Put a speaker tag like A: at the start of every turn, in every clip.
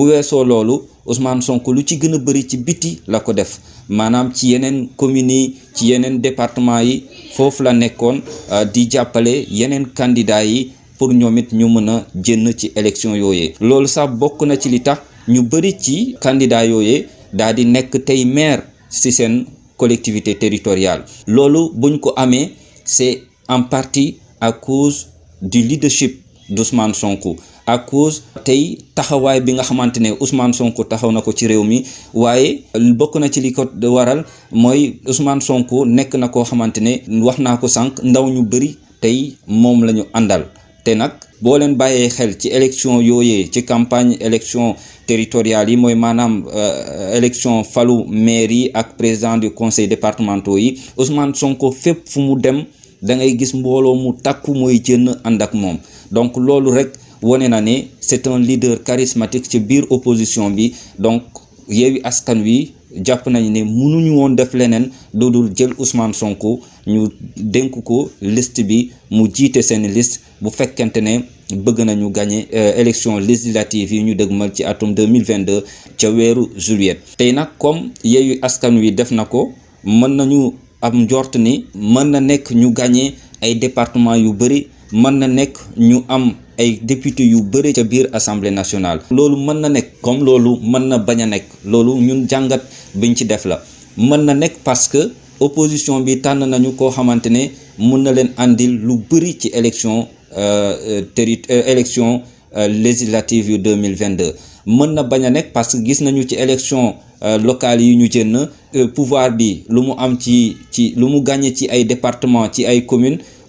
A: bu weesoo loolu Ousmane Sonko lu ci gën a bëri ci biti la ko def maanaam ci yeneen communes yi ci yeneen département yi foofu la nekkoon euh, di jàppale yeneen candidats yi pour ñoom it ñu mën a jënn ci élection yooyee loolu sax bokk na ci li tax ñu bëri ci candidats yooyee daal di nekk tey maire si seen collectivité territoriale loolu buñ ko amee c'est en partie à cause du leadership d'Ousmane Sonko à cause tey taxawaay bi nga xamante ne Ousmane Sonko taxaw na ko ci réew mi waaye bokk na ci li ko waral mooy Ousmane Sonko nekk na koo xamante ne wax naa ko sànq ndaw ñu bëri tey moom la ñu àndal te nag boo leen bàyyee xel ci élection yooyee ci campagne élection territoriale yi mooy maanaam euh, élection falu maire yi ak président du conseil départementaux yi Ousmane Sonko fépp fu mu dem da ngay gis mbooloo mu takku mooy jënn ànd ak moom donc loolu rek wone na ni c'est un leader charismatique ci biir opposition bi donc Yewwi Askan Wi jàpp nañu ni mënuñu woon def leneen lu dul jël Ousmane Sonko ñu dénk ko liste bi mu jiite seen list bu fekkente ne bëgg nañu gagné euh, élection législative yi ñu dëgmal ci atum 2022 ca weeru juillet tey nag comme Yewwi Askan Wi def na ko mën nañu am njort ni mën na nekk ñu gagné ay département yu bëri mën na nekk ñu am ay député yu nationale loolu lolo comme loolu mën na Lolo nous loolu ñun biñ parce que l'opposition, bi tànn nañu koo ne mën na leen lu législative 2022 mën na parce que gis nañu ci élection euh, locale euh, pouvoir bi lu mu am ci ci lu département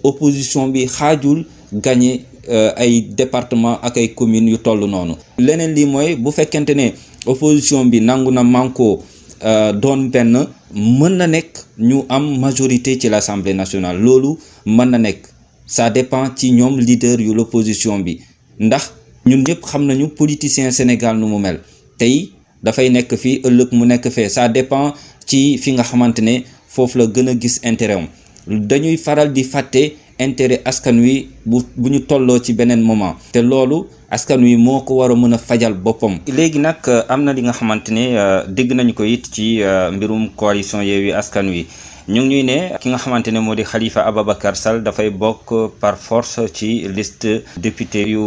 A: opposition bi xaajul gagné euh, ay département ak ay communes yu tollu noonu leneen li moy bu opposition bi nanguna manko euh, donne ben mën na ñu am majorité ci l'Assemblée nationale lolu mën na ça dépend ci ñom leader yu l'opposition bi ndax ñun ñep xam nañu politicien Sénégal nu mu mel da dafay nek fi ëllëg mu nek fe ça dépend ci fi nga xamantene fofu la gëna gis intérêt dañuy faral di fàtte intérêt askan wi bu bu ñu tolloo ci beneen moment te loolu askan wi moo ko war a mën a fajal boppam. léegi nag euh, am na li nga xamante ne euh, dégg nañu ko it ci euh, mbirum coalition Yewwi Askan Wi ñu ngi ñuy ne ki nga xamante ne moo di Khalifa Ababacar Sall dafay bokk par force ci liste député yu.